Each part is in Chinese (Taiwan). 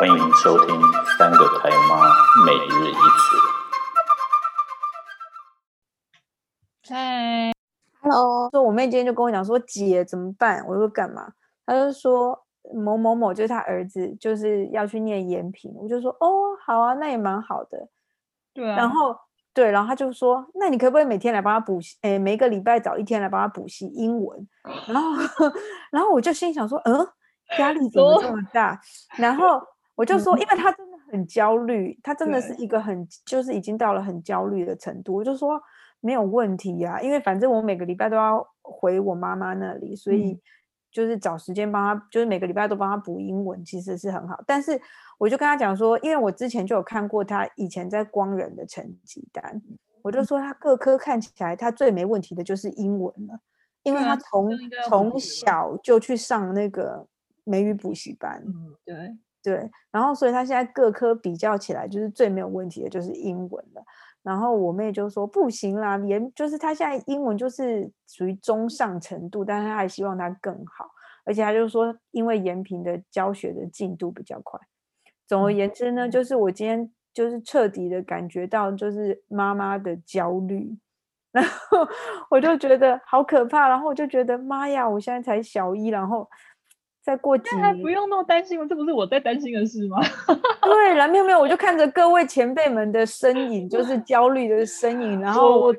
歡迎收聽《三個台媽每日一詞》。Hey, Hello。說我妹今天就跟我講說，姐怎麼辦？我說幹嘛？她就說某某某，就是他兒子，就是要去念延平。我就說哦，好啊，那也蠻好的。對啊。然後對，然後她就說，那你可不可以每天來幫她補習？誒每個禮拜找一天來幫她補習英文。然後， 然後我就心想說，嗯，壓力怎麼這麼大？ 然後。我就說，因為他真的很焦慮，他真的是一個很，對就是已經到了很焦慮的程度。我就說沒有問題呀、啊，因為反正我每個禮拜都要回我媽媽那裡，所以就是找時間幫他，就是每個禮拜都幫他補英文，其實是很好。但是我就跟他講說，因為我之前就有看過他以前在光仁的成績單，我就說他各科看起來他最沒問題的就是英文了，因為他從從小就去上那個美語補習班，嗯，對。對，然後所以他現在各科比較起來，就是最沒有問題的，就是英文了。然後我妹就說不行啦，嚴就是他現在英文就是屬於中上程度，但是他還希望他更好，而且他就說，因為延平的教學的進度比較快。總而言之呢，就是我今天就是徹底的感覺到，就是媽媽的焦慮，然後我就覺得好可怕，然後我就覺得媽呀，我現在才小一，然後。再過幾年還不用那麼擔心嗎？這不是我在擔心的事嗎？ 對，沒有沒有，我就看着各位前輩們的身影，嗯、就是焦慮的身影。呃、然後我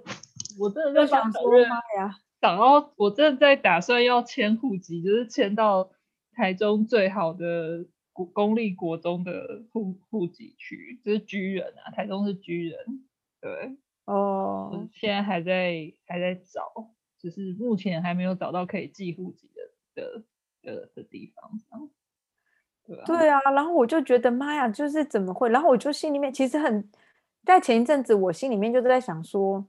我真的在想說，媽呀，然後我正在打算要遷戶籍，就是遷到台中最好的公公立國中的戶戶籍區，就是居人啊，台中是居人。對哦，現在還在還在找，只、就是目前還沒有找到可以寄戶籍的的的的地方，啊對，啊對啊，然後我就覺得媽呀，就是怎麼會？然後我就心裡面其實很，在前一陣子，我心裡面就是在想說，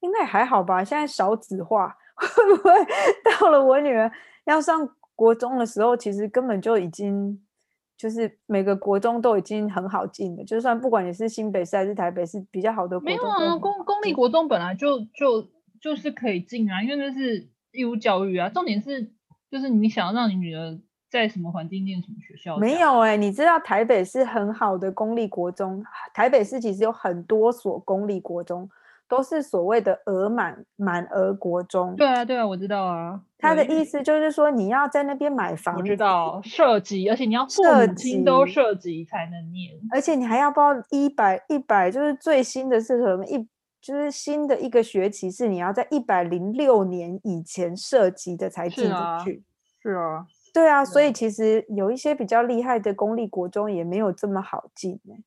應該還好吧。現在少子化，會不會到了我女兒要上國中的時候，其實根本就已經就是每個國中都已經很好進了。就算不管你是新北市還是台北市，是比較好的國中，沒有啊，公公立國中本來就就就是可以進啊，因為那是義務教育啊。重點是。就是你想讓你女兒在什麼環境念什麼學校？沒有哎、欸，你知道台北市是很好的公立國中，台北市其實有很多所公立國中，都是所謂的額滿滿額國中。對啊，對啊，我知道啊。他的意思就是說，你要在那邊買房子，我知道，設籍，而且你要父母親都設籍才能念，而且你還要報一百一百，一百就是最新的是什麼一。就是新的一個學期是你要在一百零六年以前設籍的才進進去是。啊，是啊，對啊，啊所以其實有一些比較厲害的公立國中也沒有這麼好進哎。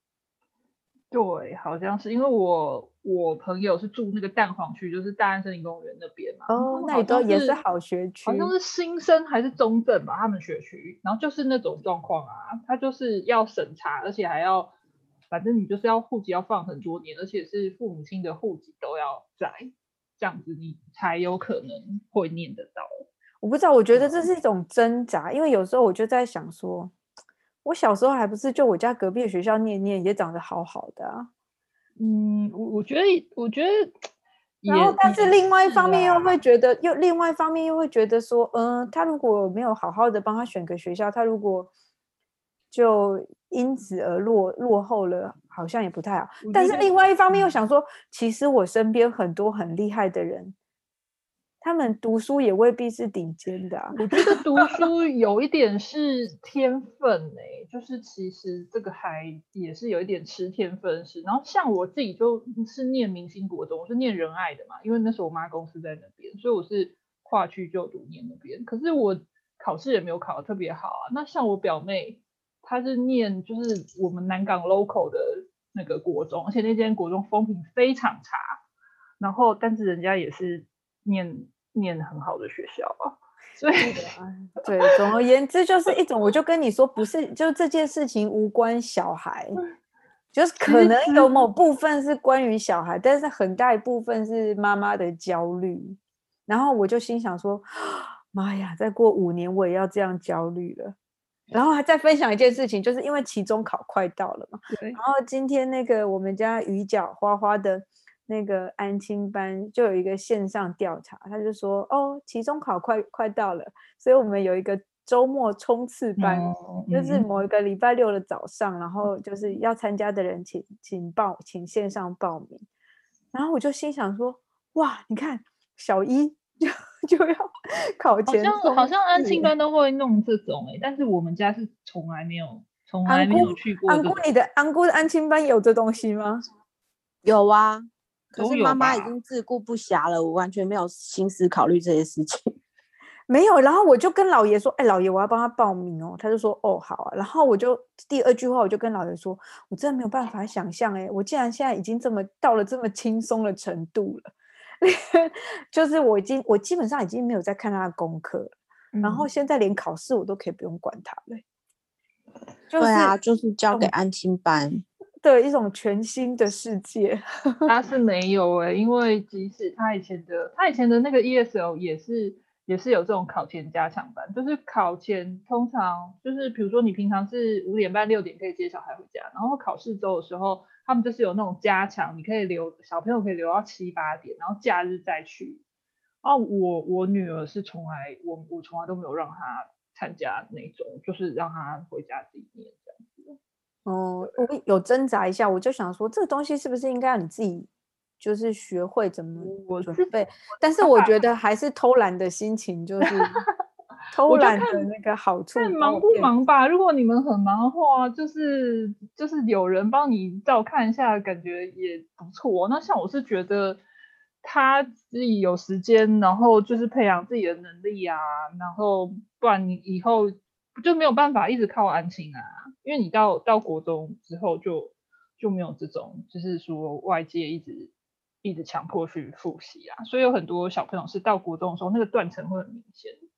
對，好像是因為我我朋友是住那個蛋黃區，就是大安森林公園那邊嘛。哦，那都也是好學區，好像是新生還是中正吧，他們學區，然後就是那種狀況啊，他就是要審查，而且還要。反正你就是要戶籍要放很多年，而且是父母親的戶籍都要在這樣子，你才有可能會唸得到。我不知道，我覺得這是一種掙扎，因為有時候我就在想說，我小時候還不是就我家隔壁的學校念念也長得好好的啊。嗯，我我覺得我覺得，覺得然後但是另外一方面又會覺得，啊，又另外一方面又會覺得說，嗯，他如果沒有好好的幫他選個學校，他如果，就因此而落落後了，好像也不太好。但是另外一方面又想說，其實我身邊很多很厲害的人，他們讀書也未必是頂尖的啊。我覺得讀書有一點是天分呢、欸，就是其實這個還也是有一點吃天分是。然後像我自己就是念明星國中，我是念仁愛的嘛，因為那時候我媽公司在那邊，所以我是跨區就讀念那邊。可是我考試也沒有考得特別好啊。那像我表妹。他是念就是我們南港 local 的那個國中，而且那間國中風評非常差。然後，但是人家也是念念很好的學校啊。所以，對，總而言之就是一種，我就跟你說，不是，就這件事情無關小孩， 就是可能有某部分是關於小孩，但是很大一部分是媽媽的焦慮。然後我就心想說，媽呀，再過五年我也要這樣焦慮了。然後還再分享一件事情，就是因為期中考快到了嘛。對然後今天那個我們家魚角花花的那個安親班就有一個線上調查，他就說哦，期中考快快到了，所以我們有一個周末衝刺班，哦、就是某一個禮拜六的早上，嗯、然後就是要參加的人請請報請線上報名。然後我就心想說，哇，你看小一。 就要考前好，好像好像安親班都會弄這種哎、欸，但是我們家是從來沒有從來沒有去過。安姑，你的安姑的安親班有這東西嗎？有啊，可是媽媽已經自顧不暇了，我完全沒有心思考慮這些事情。 沒有，然後我就跟老爺說：“哎、欸，老爺，我要幫他報名哦。”他就說：“哦，好啊。”然後我就第二句話，我就跟老爺說：“我真的沒有辦法想象哎、欸，我竟然現在已經這麼到了這麼輕鬆的程度了。” 就是我已經，我基本上已經沒有在看他的功課，嗯、然後現在連考試我都可以不用管他了。就是、對啊，就是交給安心班。對，一種全新的世界， 他是沒有哎、欸，因為即使他以前的，他以前的那個 ESL 也是，也是有這種考前加強班，就是考前通常就是比如說你平常是五點半、六點可以接小孩回家，然後考試週的時候。他們就是有那種加強，你可以留小朋友可以留到七八點，然後假日再去。然後我我女兒是從來我我從來都沒有讓她參加那種，就是讓她回家地面這樣子。哦，對我有掙扎一下，我就想說這個東西是不是應該讓你自己就是學會怎麼準備？我是但是我覺得還是偷懶的心情就是。 我就看那個好處，看忙不忙吧。哦，如果你們很忙的話，就是就是有人幫你照看一下，感覺也不錯。那像我是覺得他自己有時間，然後就是培養自己的能力啊，然後不然你以後就沒有辦法一直靠安親啊，因為你到到國中之後就就沒有這種，就是說外界一直一直強迫去複習啊，所以有很多小朋友是到國中的時候，那個斷層會很明顯。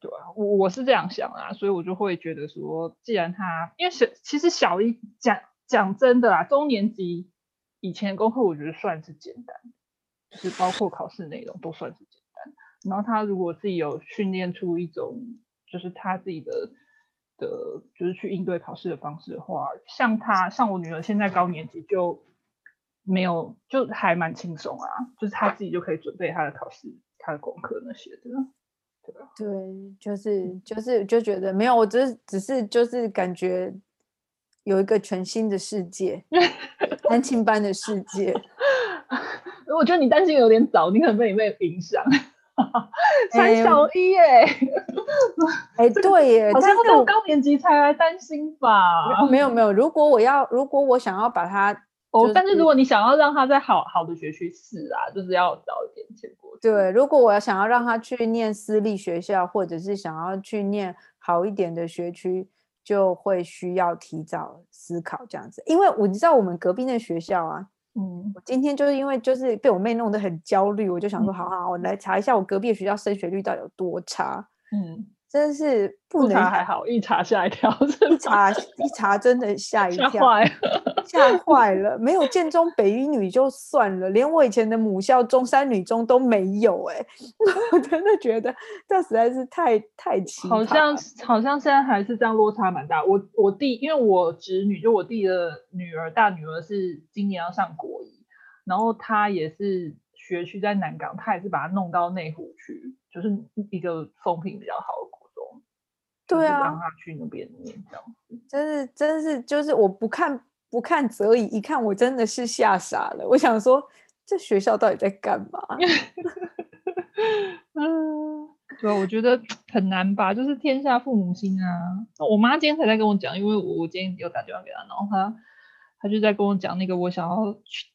對啊，我我是這樣想啊，所以我就會覺得說，既然他因為小，其實小一講講真的啦，中年級以前的功課我覺得算是簡單，就是包括考試內容都算是簡單。然後他如果自己有訓練出一種，就是他自己的、的，就是去應對考試的方式的話，像他像我女兒現在高年級就沒有，就還蠻輕鬆啊，就是他自己就可以準備他的考試，他的功課那些的。對，就是就是就覺得沒有，我只是只是就是感覺有一個全新的世界，安親班的世界。我 覺得你擔心有點早，你可能被你妹影響。 三小一耶，哎，對耶，好像到高年級才來擔心吧？我沒有沒有，如果我要，如果我想要把它。哦，就是、但是如果你想要讓他在好好的學區試啊，就是要早一點遷過去。對，如果我要想要讓他去念私立學校，或者是想要去念好一點的學區，就會需要提早思考這樣子。因為我知道我們隔壁的學校啊，嗯，我今天就是因為就是被我妹弄得很焦慮，我就想說，嗯、好好，我來查一下我隔壁的學校升學率到底有多差，嗯。真的是不能還好，一查嚇一跳，一查一查真的嚇一跳，嚇壞了，嚇壞了，沒有建中北一女就算了，連我以前的母校中、中山女中都沒有哎、欸， 我真的覺得這實在是太太奇。好像好像現在還是這樣，落差蠻大。我我弟，因為我侄女就我弟的女兒，大女兒是今年要上國一，然後她也是學區在南港，她也是把她弄到內湖去，就是一個風評比較好。對啊，讓他去那邊念真是真是就是我不看不看則已，一看我真的是嚇傻了。我想說這學校到底在幹嘛？ 嗯，對啊，我覺得很難吧，就是天下父母心啊。我媽今天才在跟我講，因為我我今天有打電話給她，然後她她就在跟我講那個我想要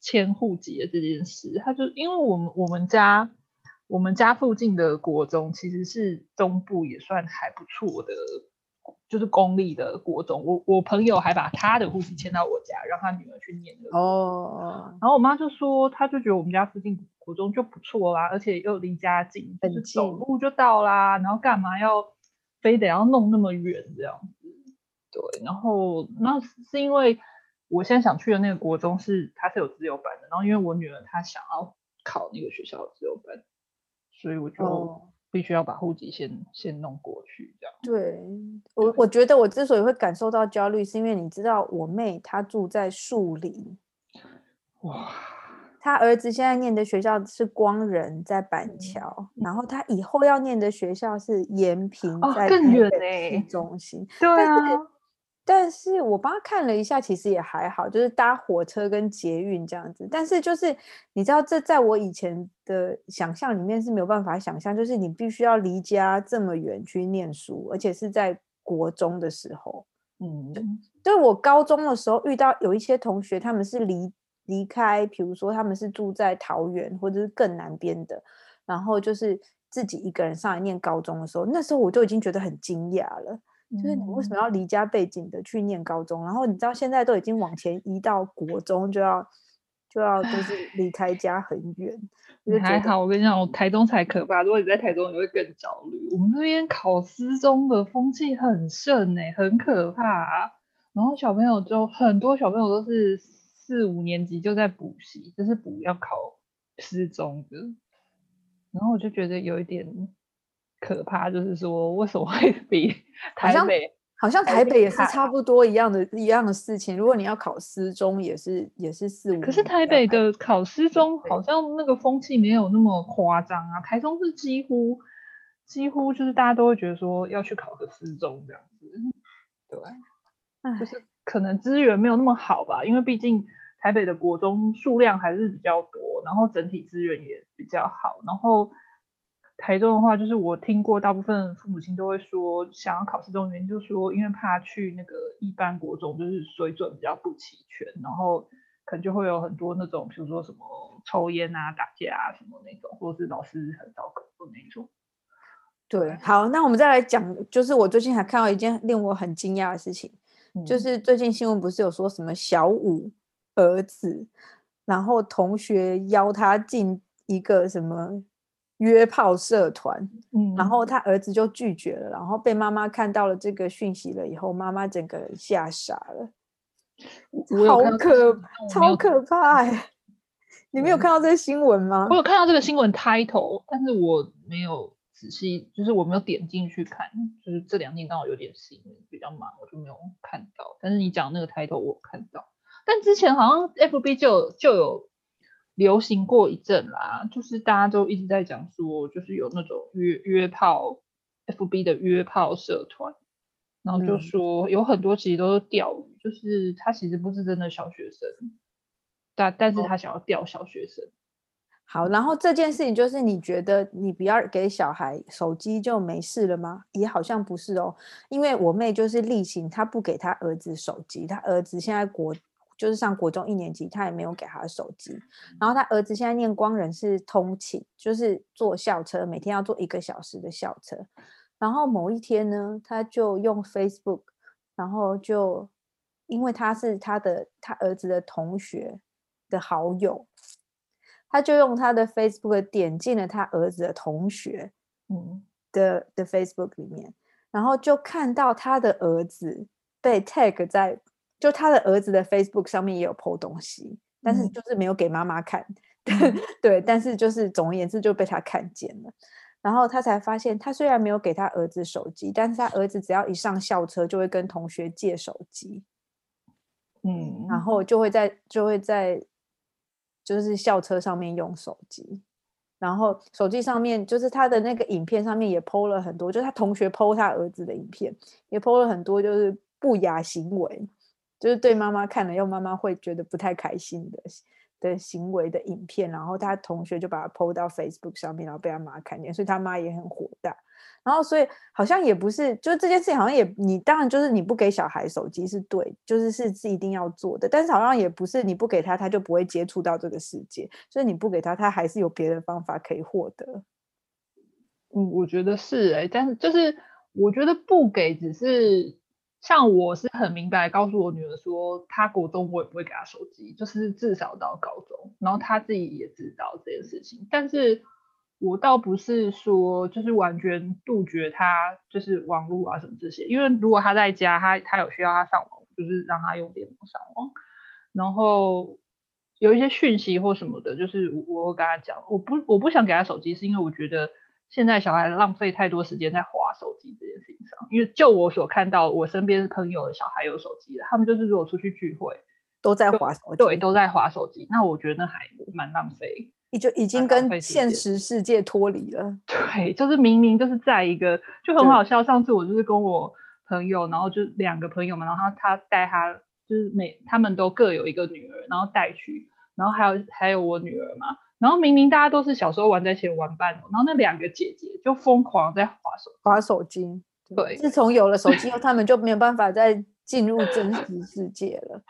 遷戶籍的這件事。她就因為我們我們家。我們家附近的國中其實是中部也算還不錯的，就是公立的國中。我我朋友還把他的戶籍遷到我家，讓他女兒去念的哦。Oh. 然後我媽就說，她就覺得我們家附近的國中就不錯啦，而且又離家近，但、就是走路就到啦。然後幹嘛要非得要弄那麼遠這樣子？對。然後那是因為我現在想去的那個國中是他是有自由班的，然後因為我女兒她想要考那個學校的自由班。所以我就必須要把戶籍先、嗯、先弄過去，這樣。對，我對我覺得我之所以會感受到焦慮，是因為你知道我妹她住在樹林，哇，他兒子現在念的學校是光仁在板橋，嗯、然後他以後要念的學校是延平在、哦、中心，欸、是對啊。但是我幫他看了一下，其實也還好，就是搭火車跟捷運這樣子。但是就是你知道，這在我以前的想象裡面是沒有辦法想象，就是你必須要離家這麼遠去念書，而且是在國中的時候。嗯。就，就我高中的時候遇到有一些同學，他們是離離開，比如說他們是住在桃園或者是更南邊的，然後就是自己一個人上來念高中的時候，那時候我就已經覺得很驚訝了。就是你為什麼要離家背井的去念高中？然後你知道現在都已經往前移到國中就，就要就要就是離開家很遠。 覺得還好，我跟你講，我台中才可怕。如果你在台中，你會更焦慮。我們這邊考私中的風氣很盛，欸、很可怕，啊。然後小朋友就很多小朋友都是四五年級就在補習，就是補要考私中的。然後我就覺得有一點。可怕，就是說為什麼會比台北好像，好像台北也是差不多一樣的他一樣的事情。如果你要考私中，也是也是四五。可是台北的考私中好像那個風氣沒有那麼誇張啊。台中是幾乎幾乎就是大家都會覺得說要去考個私中這樣子。對，唉就是可能資源沒有那麼好吧，因為畢竟台北的國中數量還是比較多，然後整體資源也比較好，然後。台中的話，就是我聽過大部分父母親都會說，想要考試原因，就說因為怕去那個一般國中，就是水準比較不齊全，然後可能就會有很多那種，比如說什麼抽煙啊、打架啊什麼那種，或者是老師很糟糕的那種。對，好，那我們再來講，就是我最近還看到一件令我很驚訝的事情，嗯、就是最近新聞不是有說什麼小五兒子，然後同學邀他進一個什麼。約炮社團，嗯，然後他兒子就拒絕了，然後被媽媽看到了這個訊息了以後，媽媽整個人嚇傻了，好可超可怕！沒你沒有看到這個新聞嗎？嗯，我有看到這個新聞 title，但是我沒有仔細，就是我沒有點進去看，就是這兩天剛好有點事，比較忙，我就沒有看到。但是你講那個 title 我看到，但之前好像 FB 就就有。就有流行過一陣啦，就是大家都一直在講說，就是有那種約約炮，FB 的約炮社團，然後就說、嗯、有很多其實都是釣魚，就是他其實不是真的小學生，但但是他想要釣小學生。嗯、好，然後這件事情就是你覺得你不要給小孩手機就沒事了嗎？也好像不是哦，因為我妹就是例行，她不給她兒子手機，她兒子現在國。就是上國中一年級，他也沒有給他的手機。嗯、然後他兒子現在念光仁是通勤，就是坐校車，每天要坐一個小時的校車。然後某一天呢，他就用 Facebook，然後就因為他是他的他兒子的同學的好友，他就用他的 Facebook 點進了他兒子的同學的、嗯、的、的 Facebook 裡面，然後就看到他的兒子被 tag 在。就他的兒子的 Facebook 上面也有 po 東西，但是就是沒有給媽媽看，嗯、 對，但是就是總而言之就被他看見了，然後他才發現，他雖然沒有給他兒子手機，但是他兒子只要一上校車就會跟同學借手機，嗯，然後就會在就會在就是校車上面用手機，然後手機上面就是他的那個影片上面也 po 了很多，就是他同學 po 他兒子的影片也 po 了很多，就是不雅行為。就是對媽媽看了又媽媽會覺得不太開心的的行為的影片，然後他同學就把他 PO 到 Facebook 上面，然後被他媽看見，所以他媽也很火大。然後所以好像也不是，就是這件事情好像也你當然就是你不給小孩手機是對，就是是是一定要做的，但是好像也不是你不給他他就不會接觸到這個世界，所以你不給他他還是有別的方法可以獲得。嗯，我覺得是欸，但是就是我覺得不給只是。像我是很明白，告訴我女兒說，她國中我也不會給她手機，就是至少到高中，然後她自己也知道這件事情。但是我倒不是說就是完全杜絕她就是網絡啊什麼這些，因為如果她在家，她她有需要她上網，就是讓她用電腦上網，然後有一些訊息或什麼的，就是我我會跟她講，我不我不想給她手機，是因為我覺得。現在小孩浪費太多時間在滑手機這件事情上，因為就我所看到，我身邊朋友的小孩有手機的，他們就是如果出去聚會，都在滑手機，對，都在滑手機。那我覺得還蠻浪費，就已經跟現實世界脫離了。對，就是明明就是在一個，就很好笑。對上次我就是跟我朋友，然後就兩個朋友們，然後他,他帶他，就是每他們都各有一個女兒，然後帶去，然後還有還有我女兒嘛。然後明明大家都是小時候玩在一起玩伴，然後那兩個姐姐就瘋狂在滑手滑手機。對，對，自從有了手機後，他 們就沒有辦法再進入真實世界了。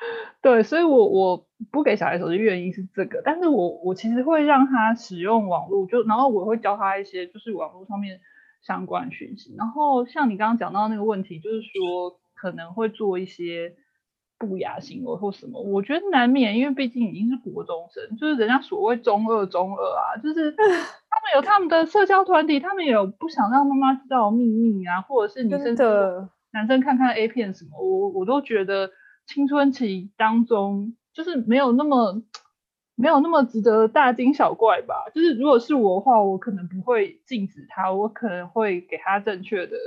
對，所以我，我我不給小孩手機原因是這個，但是我我其實會讓他使用網絡，就然後我會教他一些就是網絡上面相關訊息。然後像你剛剛講到那個問題，就是說可能會做一些。不雅行為或什麼，我覺得難免，因為畢竟已經是國中生，就是人家所謂中二中二啊，就是他們有他們的社交團體，他們也有不想讓媽媽知道秘密啊，或者是女生的男生看看 A 片什麼，我我都覺得青春期當中就是沒有那麼沒有那麼值得大驚小怪吧。就是如果是我的話，我可能不會禁止他，我可能會給他正確的。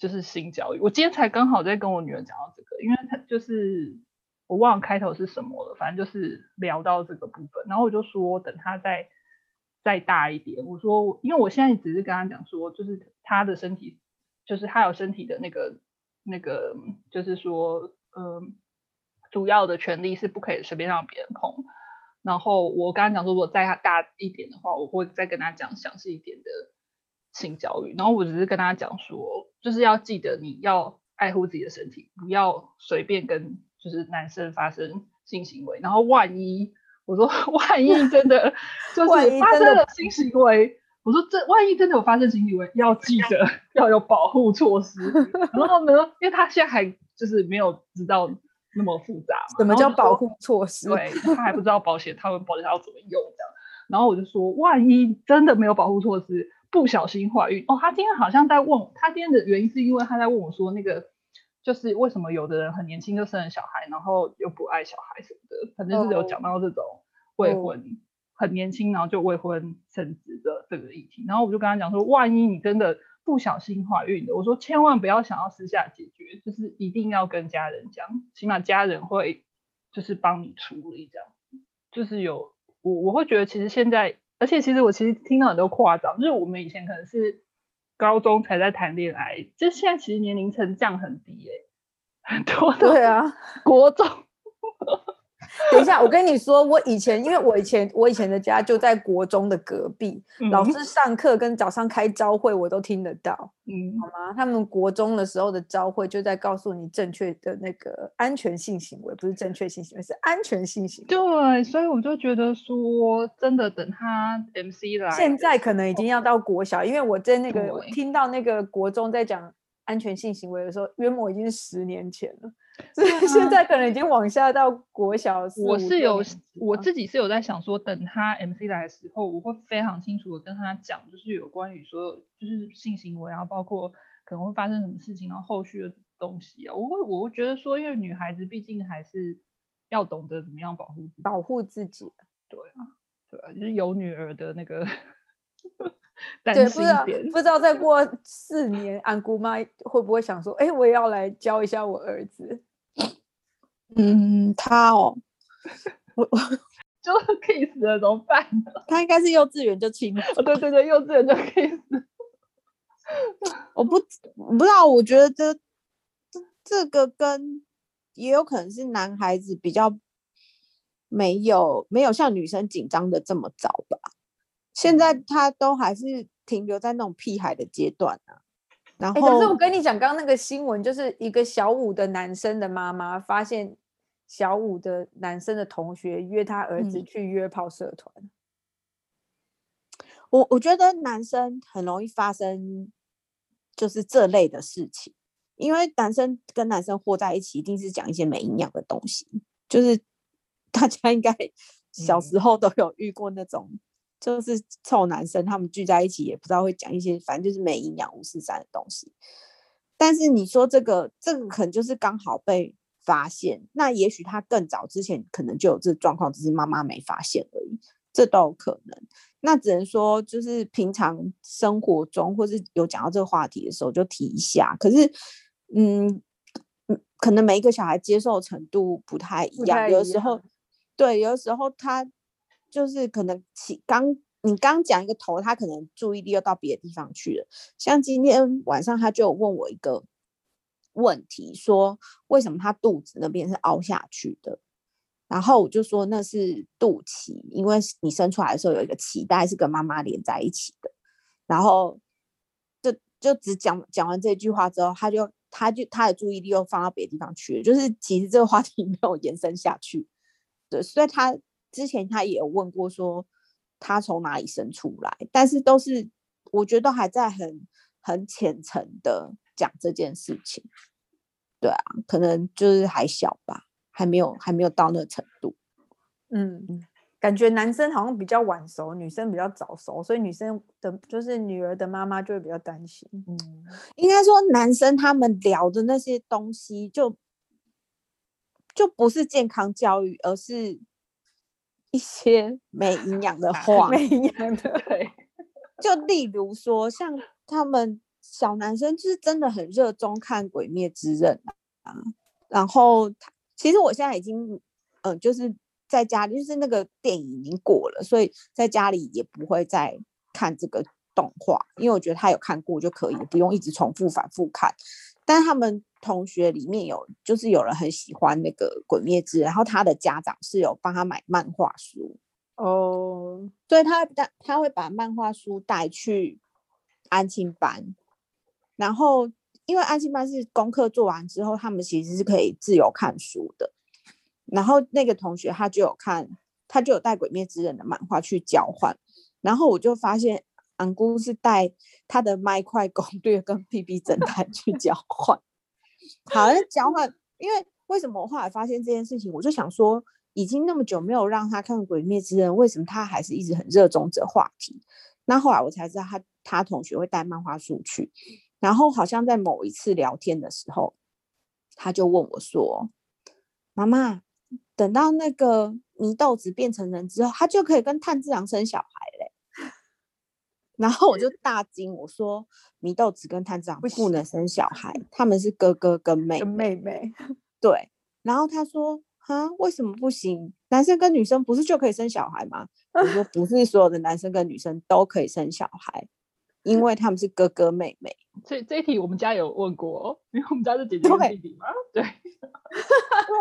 就是性教育，我今天才剛好在跟我女兒講到這個，因為她就是我忘了開頭是什麼了，反正就是聊到這個部分，然後我就說等她再再大一點，我說因為我現在只是跟她講說，就是她的身體，就是她有身體的那個那個，就是說嗯，主要的權利是不可以隨便讓別人碰，然後我剛剛講說，我再大一點的話，我會再跟她講詳細一點的。性教育，然後我只是跟他講說，就是要記得你要愛護自己的身體，不要隨便跟就是男生發生性行為。然後萬一我說萬一真的就是發生了性行為，我說這萬一真的有發生性行為，要記得要有保護措施。然後呢，因為他現在還就是沒有知道那麼複雜，什麼叫保護措施？對，他還不知道保險，他們保險要怎麼用這樣，然後我就說，萬一真的沒有保護措施。不小心懷孕哦，他今天好像在問，他今天的原因是因為他在問我說，那個就是為什麼有的人很年輕就生了小孩，然後又不愛小孩什麼的，反正是有講到這種未婚 oh. Oh. 很年輕然後就未婚生子的這個議題。然後我就跟他講說，萬一你真的不小心懷孕的，我說千萬不要想要私下解決，就是一定要跟家人講，起碼家人會就是幫你處理這樣，就是有我我會覺得其實現在。而且其實我其實聽到很多誇張，就是我們以前可能是高中才在談戀愛，就現在其實年齡層降很低，欸，誒，很多對啊， 國中。 等一下，我跟你說，我以前因為我以前我以前的家就在國中的隔壁，嗯、老師上課跟早上開朝會我都聽得到，嗯、好嗎？他們國中的時候的朝會就在告訴你正確的那個安全性行為，不是正確性行為，是安全性行為。對，所以我就覺得說，真的等他 MC 來、就是，現在可能已經要到國小，哦、因為我在那個對我聽到那個國中在講安全性行為的時候，約莫已經十年前了。所以 現在可能已經往下到國小了，啊。我是有我自己是有在想說，等他 MC 來的時候，我會非常清楚的跟他講，就是有關於說就是性行為啊，包括可能會發生什麼事情，然後後續的東西啊。我會我會覺得說，因為女孩子畢竟還是要懂得怎麼樣保護自己，保護自己。對啊，對啊，就是有女兒的那個擔 心一點對，不知道不知道再過四年， 安姑媽會不會想說，哎、欸，我也要來教一下我兒子。嗯，他哦，我我就 kiss 了怎麼辦呢？他應該是幼稚園就親了，哦， 對對對，幼稚園就 kiss 了我。我不不知道，我覺得這，這個跟也有可能是男孩子比較沒有沒有像女生緊張的這麼早吧。現在他都還是停留在那種屁孩的階段呢、啊。然後、欸、但是我跟你講，剛剛那個新聞就是一個小五的男生的媽媽發現。小五的男生的同學約他兒子去約炮社團、嗯，我我覺得男生很容易發生就是這類的事情，因為男生跟男生活在一起，一定是講一些沒營養的東西。就是大家應該小時候都有遇過那種，嗯，就是臭男生他們聚在一起，也不知道會講一些，反正就是沒營養、五四三的東西。但是你說這個，這個可能就是剛好被。發現那也許他更早之前可能就有這狀況，只是媽媽沒發現而已，這都有可能。那只能說就是平常生活中或是有講到這個話題的時候就提一下。可是，嗯，可能每一個小孩接受的程度不太一樣，一樣有時候對，有的時候他就是可能起剛你剛講一個頭，他可能注意力又到別的地方去了。像今天晚上他就問我一個。問題說為什麼他肚子那邊是凹下去的？然後我就說那是肚臍，因為你生出來的時候有一個臍帶是跟媽媽連在一起的。然後就就只講講完這句話之後，他就他就他的注意力又放到別的地方去了。就是其實這個話題沒有延伸下去。對，所以他之前他也有問過說他從哪裡生出來，但是都是我覺得都還在很很淺層的。講這件事情，對啊，可能就是還小吧，還沒有還沒有到那個程度。嗯，感覺男生好像比較晚熟，女生比較早熟，所以女生的，就是女兒的媽媽就會比較擔心。嗯，應該說男生他們聊的那些東西就，就就不是健康教育，而是一些沒營養的話， 沒營養的對。就例如說，像他們。小男生就是真的很熱衷看《鬼滅之刃》啊，然後他其實我現在已經嗯、呃，就是在家裡，就是那個電影已經過了，所以在家裡也不會再看這個動畫，因為我覺得他有看過就可以，不用一直重複反覆看。但他們同學裡面有就是有人很喜歡那個《鬼滅之刃》，然後他的家長是有幫他買漫畫書哦，嗯、所以他他他會把漫畫書帶去安親班。然後，因為安心班是功課做完之後，他們其實是可以自由看書的。然後那個同學他就有看，他就有帶《鬼滅之刃》的漫畫去交換。然後我就發現，阿姑是帶他的麥塊攻略跟《屁屁偵探》去交換。 好，那交換，因為為什麼我後來發現這件事情，我就想說，已經那麼久沒有讓他看《鬼滅之刃》，為什麼他還是一直很熱衷這話題？那後來我才知道他，他他同學會帶漫畫書去。然後好像在某一次聊天的時候，他就問我說：“媽媽，等到那個祢豆子變成人之後，他就可以跟炭治郎生小孩嘞？”然後我就大驚，我說：“祢豆子跟炭治郎不能生小孩，不行，他們是哥哥跟妹妹跟妹妹。”對。然後他說：“哈，為什麼不行？男生跟女生不是就可以生小孩嗎？” 我說：“不是所有的男生跟女生都可以生小孩，因為他們是哥哥妹妹。”這這一題我們家有問過，因為我們家是姐姐弟弟嘛，對，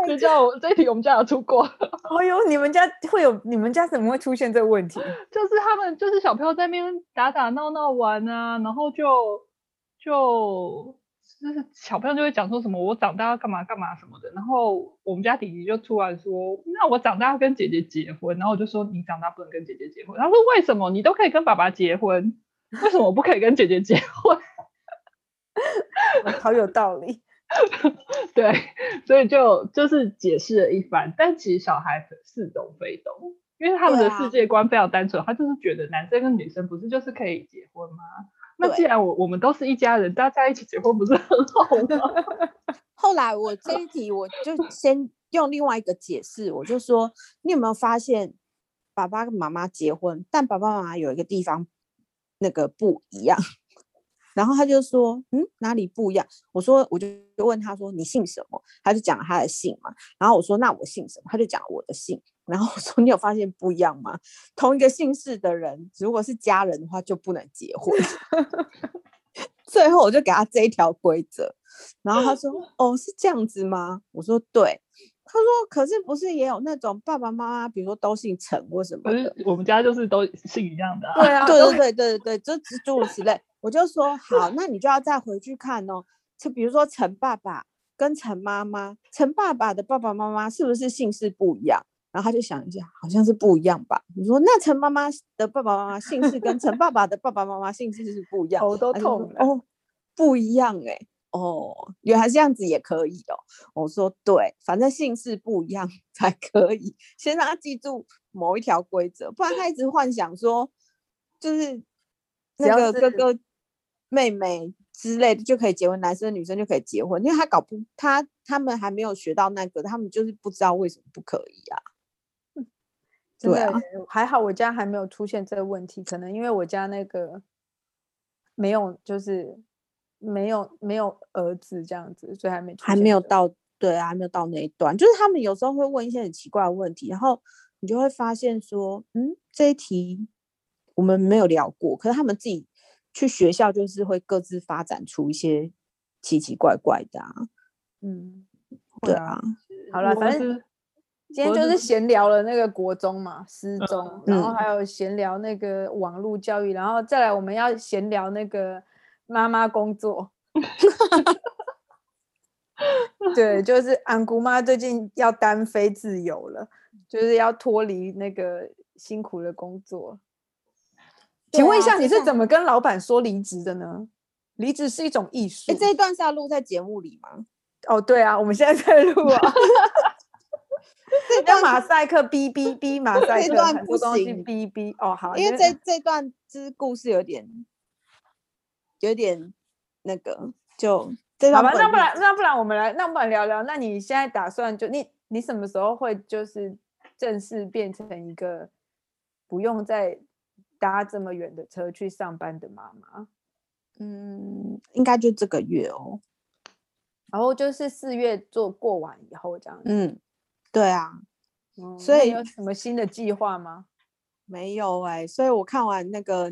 就叫對 這一題我們家有出過。哎呦，你們家會有你們家怎麼會出現這個問題？就是他們就是小朋友在那邊打打鬧鬧玩啊，然後就就就是小朋友就會講說什麼我長大要幹嘛幹嘛什麼的，然後我們家弟弟就突然說：“那我長大要跟姐姐結婚。”然後我就說：“你長大不能跟姐姐結婚。”他說：“為什麼？你都可以跟爸爸結婚，為什麼我不可以跟姐姐結婚？” 好有道理， 對，所以就就是解釋了一番，但其實小孩似懂非懂，因為他們的世界觀非常單純，啊、他就是覺得男生跟女生不是就是可以結婚嗎？那既然我對我們都是一家人，大家一起結婚不是很好嗎？ 後來我這一題，我就先用另外一個解釋，我就說，你有沒有發現，爸爸跟媽媽結婚，但爸爸媽媽有一個地方那個不一樣。 然後他就說：“嗯，哪裡不一樣？”我說：“我就就問他說，你姓什麼？”他就講了他的姓嘛。然後我說：“那我姓什麼？”他就講我的姓。然後我說：“你有發現不一樣嗎？同一個姓氏的人，如果是家人的話，就不能結婚。” 最後我就給他這一條規則。然後他說：“ 哦，是這樣子嗎？”我說：“對。”他說：“可是不是也有那種爸爸媽媽，比如說都姓陳或什麼？”可是我們家就是都姓一樣的、啊。對啊，對 對對對對對，就諸如此類。我就說好，那你就要再回去看哦。就比如說陳爸爸跟陳媽媽，陳爸爸的爸爸媽媽是不是姓氏不一樣？然後他就想一下，好像是不一樣吧。你說那陳媽媽的爸爸媽媽姓氏跟陳爸爸的爸爸媽媽姓氏是不一樣， 頭都痛了。哦，不一樣哎、欸，哦，原來這樣子也可以哦。我說對，反正姓氏不一樣才可以，先讓他記住某一條規則，不然他一直幻想說，就是這個哥哥。妹妹之類的就可以結婚，男生女生就可以結婚，因為他搞不他他們還沒有學到那個，他們就是不知道為什麼不可以啊。嗯、對啊，還好我家還沒有出現這個問題，可能因為我家那個沒有，就是沒有沒有兒子這樣子，所以還沒出現還沒有到對啊，還沒有到那一段。就是他們有時候會問一些很奇怪的問題，然後你就會發現說，嗯，這一題我們沒有聊過，可是他們自己。去學校就是會各自發展出一些奇奇怪怪的、啊，嗯，對啊，好了，反正是今天就是閒聊了那個國中嘛、私是中，然後還有閒聊那個網絡教育，嗯、然後再來我們要閒聊那個媽媽工作，對，就是安姑媽最近要單飛自由了，就是要脫離那個辛苦的工作。啊，請問一下，你是怎麼跟老闆說離職的呢？離職是一種藝術。誒，這一段是要錄在節目裡嗎？哦，對啊，我們現在在錄啊。 這段馬賽克，逼逼逼馬賽克，嗶嗶嗶，馬賽克這段不行，嗶嗶。哦，好。因為這就這段這故事有點有點那個，就好吧。不那不然那不然我們來，那我們來聊聊。那你現在打算就你你什麼時候會就是正式變成一個不用再，搭這麼遠的車去上班的媽媽，嗯，應該就這個月哦，然後、哦、就是四月做過完以後這樣子，嗯，對啊，嗯、所以你有什麼新的計劃嗎？沒有誒、欸。所以我看完那個，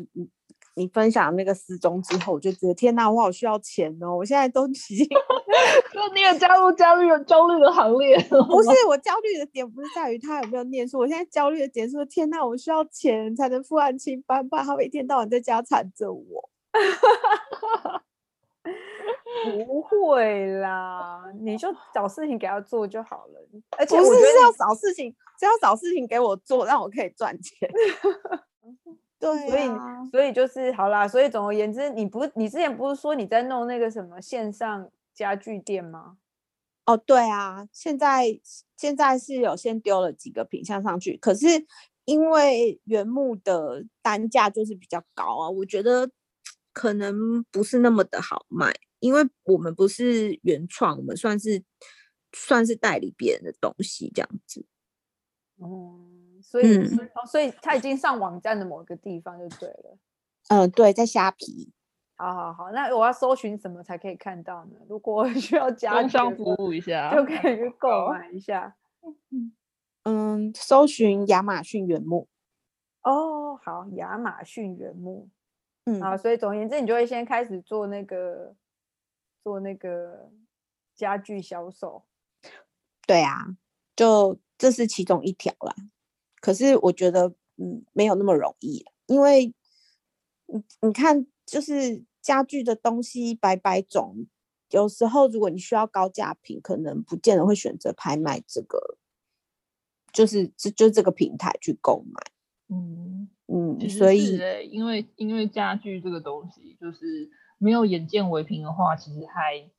你分享那個失蹤之後，我就覺得天哪、啊，我好需要錢哦！我現在都已經，就你也加入焦慮、焦慮的行列 不是我焦慮的點，不是在於他有沒有念書，我現在焦慮的點是，天哪、啊，我需要錢才能付安親班吧，他們一天到晚在家纏着我。 不會啦，你就找事情給他做就好了。而且不是我是要找事情，只要找事情給我做，讓我可以賺錢。 對啊，所以所以就是好啦，所以總而言之，你不你之前不是說你在弄那個什麼線上家具店嗎？哦，對啊，現在現在是有先丟了幾個品項上去，可是因為原木的單價就是比較高啊，我覺得可能不是那麼的好賣，因為我們不是原創，我們算是算是代理別人的東西這樣子，哦。所以，嗯哦，所以，他已經上網站的某個地方就對了。嗯、呃，對，在蝦皮。好好好，那我要搜尋什麼才可以看到呢？如果需要加，安裝服務一下，就可以去購買一下。好嗯，搜尋亞馬遜原木。哦，oh, 好，亞馬遜原木。嗯，啊，所以總而言之，你就會先開始做那個，做那個家具銷售。對啊，就這是其中一條了。可是我覺得，嗯，沒有那麼容易，因為，你你看，就是家具的東西，百百種，有時候如果你需要高價品，可能不見得會選擇拍賣這個，就是就就這個平台去購買，嗯嗯，嗯欸、所以，因為因為家具這個東西，就是沒有眼見為憑的話，其實還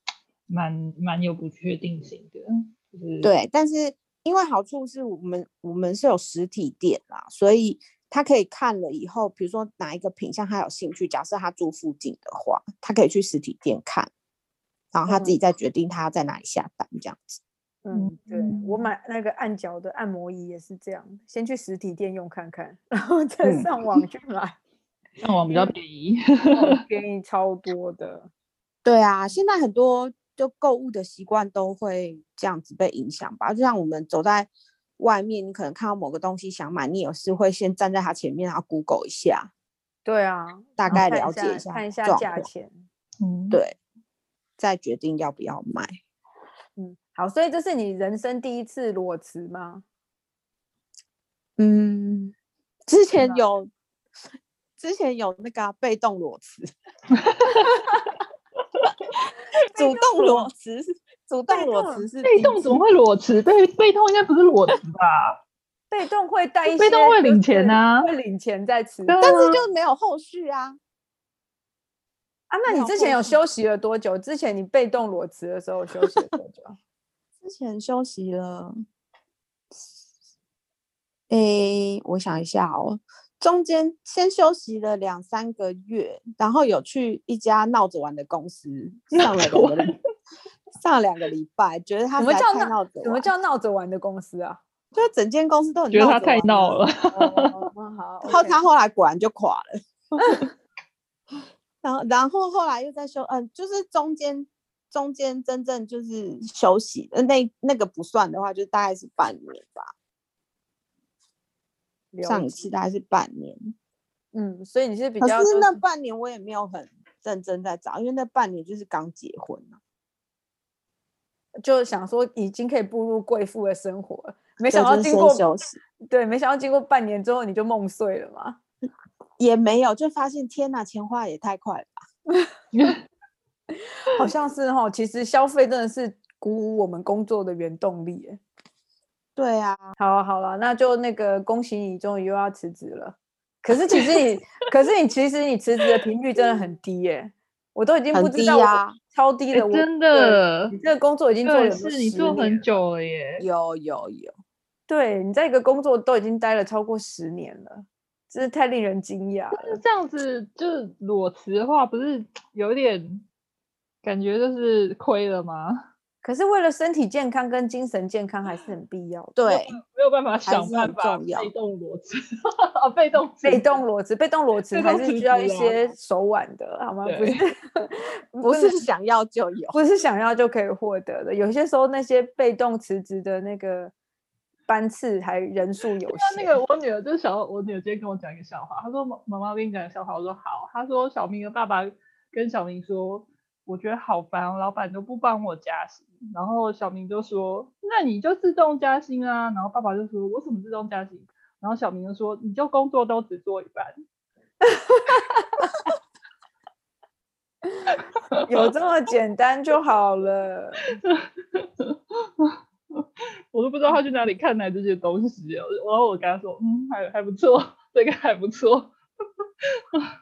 蠻蠻有不確定性的，就是、對，但是。因為好處是我們我們是有實體店啦，所以他可以看了以後，比如說哪一個品項，他有興趣，假設他住附近的話，他可以去實體店看，然後他自己再決定他要在哪裡下單這樣子。嗯，嗯嗯對，我買那個按腳的按摩儀也是這樣，先去實體店用看看，然後再上網去買，嗯。上網比較便宜， 便宜超多的。對啊，現在很多。就購物的習慣都會這樣子被影響吧，就像我們走在外面，你可能看到某個東西想買，你也是會先站在它前面，然後 Google 一下。對啊，大概了解一下，看一下，看一下價錢，對，嗯，再決定要不要買。嗯，好，所以這是你人生第一次裸辭嗎？嗯，之前有，嗎之前有那個被動裸辭。 動主動裸辭是，主動裸辭是被動怎麼會裸辭？被被動應該不是裸辭吧？ 被動會帶一些，被動會領錢啊，會領錢再辭，啊、但是就沒有後續啊。啊，那你之前有休息了多久？之前你被動裸辭的時候休息了多久？ 之前休息了，哎、欸，我想一下哦。中間先休息了兩三個月，然後有去一家鬧着玩的公司上了兩個禮拜 上兩個禮拜，覺得他太鬧着玩。什麼叫鬧着玩,玩的公司啊？就整間公司都很鬧。覺得他太鬧了。好。然後他後來果然就垮了。 然後，然後後來又在休，嗯、呃，就是中間中間真正就是休息的，那那個不算的話，就大概是半年吧。上一次大概是半年，嗯，所以你是比較、就是。可是那半年我也沒有很認真在找，因為那半年就是剛結婚了，就想說已經可以步入貴婦的生活了，沒想到經過。對，沒想到經過半年之後你就夢碎了嘛？也沒有，就發現天哪，錢花也太快了吧， 好像是哈、哦。其實消費真的是鼓舞我們工作的原動力。對啊，好了，啊，好了，啊，那就那個恭喜你，終於又要辭職了。可是其實你， 可是你其實你辭職的頻率真的很低耶，欸，我都已經不知道我低，啊，超低了，欸，真的我。你這個工作已經做了，有有了是你做很久了耶，有有有。對，你在一個工作都已經待了超過十年了，真是太令人驚訝了。這樣子就是裸辭的話，不是有點感覺就是虧了嗎？可是為了身體健康跟精神健康還是很必要的。有對，沒有辦法想辦法被動。被動裸辭啊，被動被動裸辭，被動裸辭還是需要一些手腕的，嗎好嗎？對不是不是想要就有， 不是想要就可以獲得的。有些時候那些被動辭職的那個班次還人數有限。啊、那個我女兒就是小，我女兒今天跟我講一個笑話，她說：“媽媽，媽媽，跟你講個笑話。”我說：“好。”她說：“小明的爸爸跟小明說。”我覺得好煩，老闆都不幫我加薪，然後小明就說：“那你就自動加薪啊。”然後爸爸就說：“我怎麼自動加薪？”然後小明就說：“你就工作都只做一半。” 有這麼簡單就好了。 我都不知道他去哪裡看來這些東西，然後我跟他說：“嗯，還還不錯，這個還不錯。 ”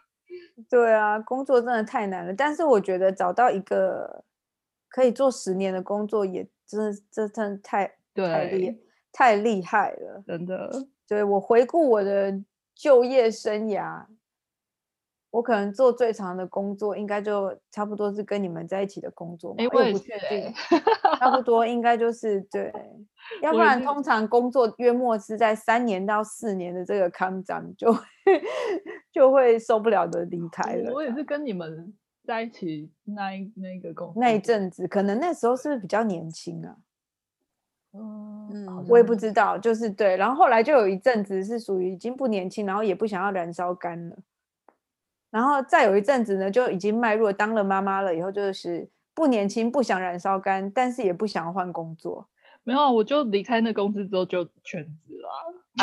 對啊，工作真的太難了。但是我覺得找到一個可以做十年的工作，也真的這真太對太厲太厲害了，真的。對，我回顧我的就業生涯，我可能做最長的工作，應該就差不多是跟你們在一起的工作嘛。欸，我也因為我不確定， 差不多應該就是對。要不然，通常工作約莫是在三年到四年的這個康長，就就會受不了的離開了啊。我也是跟你們在一起那一那一個工作那一陣子，可能那時候是不是比較年輕啊？嗯、哦，我也不知道，嗯、就是對。然後後來就有一陣子是屬於已經不年輕，然後也不想要燃燒乾了。然後再有一陣子呢，就已經邁入了當了媽媽了以後，就是不年輕，不想燃燒乾，但是也不想要換工作。沒有，我就離開那公司之後就全職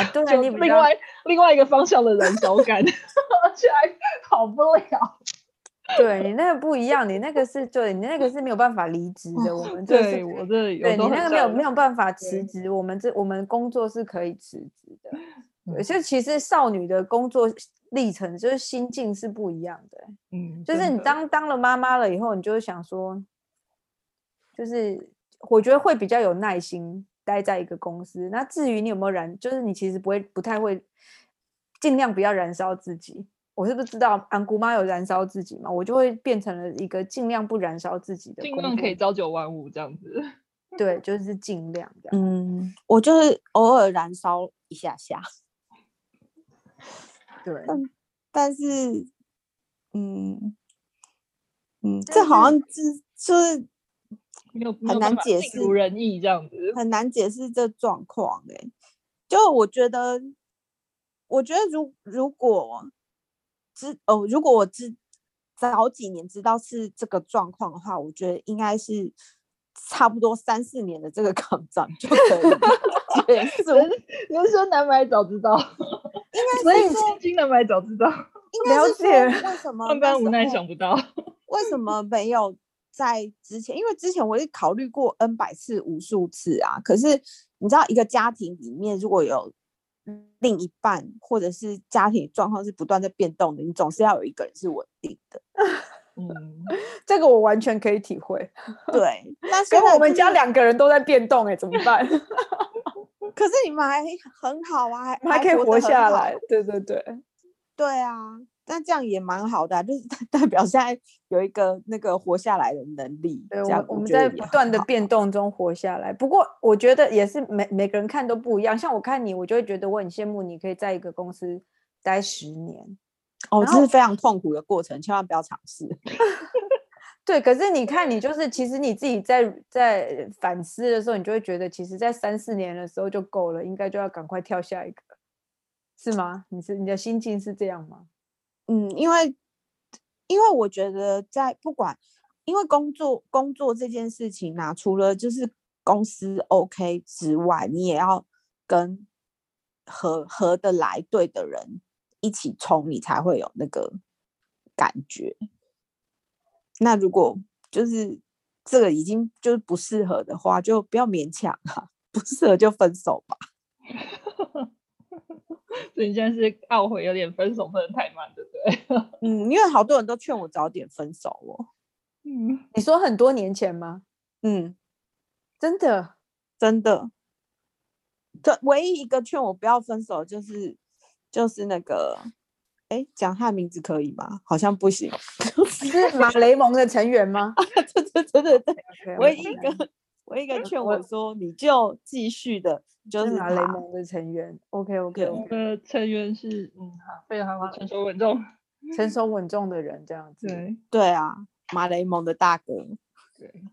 了，就另外另外一個方向的人手感，而且還好不了。對，你那個不一樣，你那個是就你那個是沒有辦法離職的。我們對我這對你那個沒有沒有辦法辭職，我們這我們工作是可以辭職的。就其實少女的工作歷程就是心境是不一樣的。嗯，就是你當當了媽媽了以後，你就會想說，就是。我覺得會比較有耐心待在一個公司。那至於你有沒有燃，就是你其實不會不太會盡量不要燃燒自己。我是不是知道，安姑媽有燃燒自己嘛？我就會變成了一個盡量不燃燒自己的，盡量可以朝九晚五這樣子。對，就是盡量這樣。嗯，我就是偶爾燃燒一下下。對。但，但是，嗯嗯，但是嗯，這好像就是。就是沒有沒有很難解釋，盡如人意這樣子很難解釋這狀況，欸。哎，就我覺得，我覺得如，如如果知哦，如果我知早幾年知道是這個狀況的話，我覺得應該是差不多三四年的這個抗戰就可以了。對，人人說難買早知道，應該所以千金難買早知道，應該了解為什麼萬般無奈想不到，為什麼沒有？在之前，因為之前我也考慮過 N 百次，無數次啊。可是你知道，一個家庭裡面如果有另一半，或者是家庭狀況是不斷在變動的，你總是要有一個人是穩定的。 嗯，這個我完全可以體會。對，但，就是我們家兩個人都在變動，欸，哎，怎麼辦？ 可是你們還很好啊，還，還，活得很好還可以活下來。對對對，對啊。但這樣也蠻好的啊，就是代表現在有一個那個活下來的能力。對，我,好好我們在不斷的變動中活下來。不過我覺得也是每每個人看都不一樣。像我看你，我就會覺得我很羨慕你可以在一個公司待十年。哦，然後，這是非常痛苦的過程，千萬不要嘗試。 對，可是你看你就是，其實你自己在在反思的時候，你就會覺得，其實，在三四年的時候就夠了，應該就要趕快跳下一個，是嗎？你是你的心情是這樣嗎？嗯，因為因為我覺得在不管因為工作工作這件事情啊，除了就是公司 OK 之外，你也要跟合合得來對的人一起衝，你才會有那個感覺。那如果就是這個已經就是不適合的話，就不要勉強哈，不適合就分手吧。人家是懊悔，有點分手分得太慢的，對不對？嗯，因為好多人都勸我早點分手哦、喔。嗯，你說很多年前嗎？嗯，真的，真的。這唯一一個勸我不要分手，就是就是那個，哎、欸，講他的名字可以嗎？好像不行。 是馬雷蒙的成員嗎？這這真的對，對對對對 okay, 唯一一個，唯一一個勸我說，你就繼續的。就是馬雷蒙的成員，OK OK 對。我的 okay.、呃、成員是嗯，好，非常好，成熟穩重，成熟穩重的人這樣子。對，對啊，馬雷蒙的大哥。對，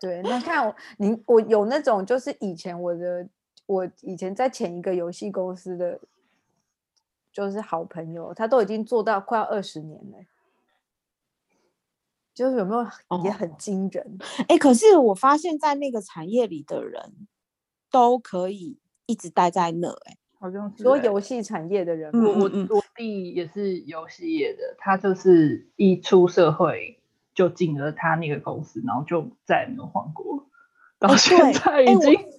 對，那看我，你，我有那種，就是以前我的， 我以前在前一個遊戲公司的，就是好朋友，他都已經做到快要二十年了，就是有沒有也很驚人。哎、哦欸，可是我發現在那個產業裡的人。都可以一直待在那哎、欸，好像是、欸。很多遊戲產業的人，我我我弟也是遊戲業的，嗯嗯，他就是一出社會就進了他那個公司，然後就再也沒有換過，到現在、欸、對已經、欸我。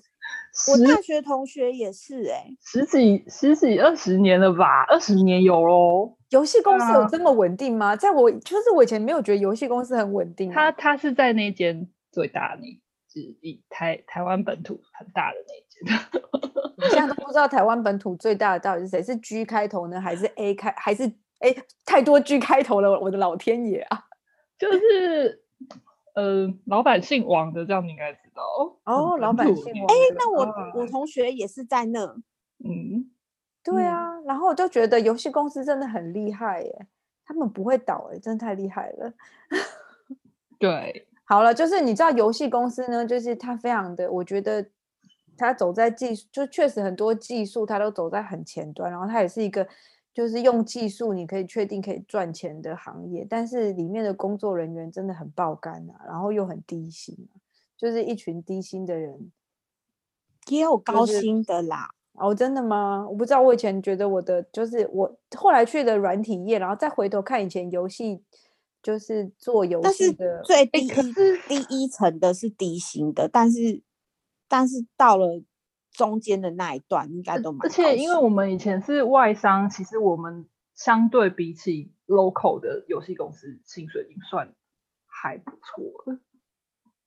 十我大學同學也是哎、欸，十幾十幾二十年了吧，二十年有嘍。遊戲公司有這麼穩定嗎？啊、在我就是我以前沒有覺得遊戲公司很穩定。他他是在那間最大的。是以台台灣本土很大的那一間 現在都不知道台灣本土最大的到底是誰，是 G 開頭呢，還是 A 開，還是哎太多 G 開頭了，我的老天爺啊！就是呃老板姓王的，這樣你應該知道哦。道老板姓王的，哎、欸，那我我同學也是在那，啊、嗯，對啊，嗯、然後我就覺得遊戲公司真的很厲害耶，他們不會倒哎，真的太厲害了。 對。好了，就是你知道遊戲公司呢，就是它非常的，我覺得它走在技術，就確實很多技術它都走在很前端，然後它也是一個就是用技術你可以確定可以賺錢的行業，但是裡面的工作人員真的很爆肝啊，然後又很低薪，就是一群低薪的人，也有高薪的啦。就是，哦，真的嗎？我不知道，我以前覺得我的就是我後來去的軟體業，然後再回頭看以前遊戲。就是做遊戲的最低，欸，可是第一層的是低薪的，但是但是到了中間的那一段應該都沒，而且因為我們以前是外商，其實我們相對比起 local 的遊戲公司，薪水已經算還不錯了，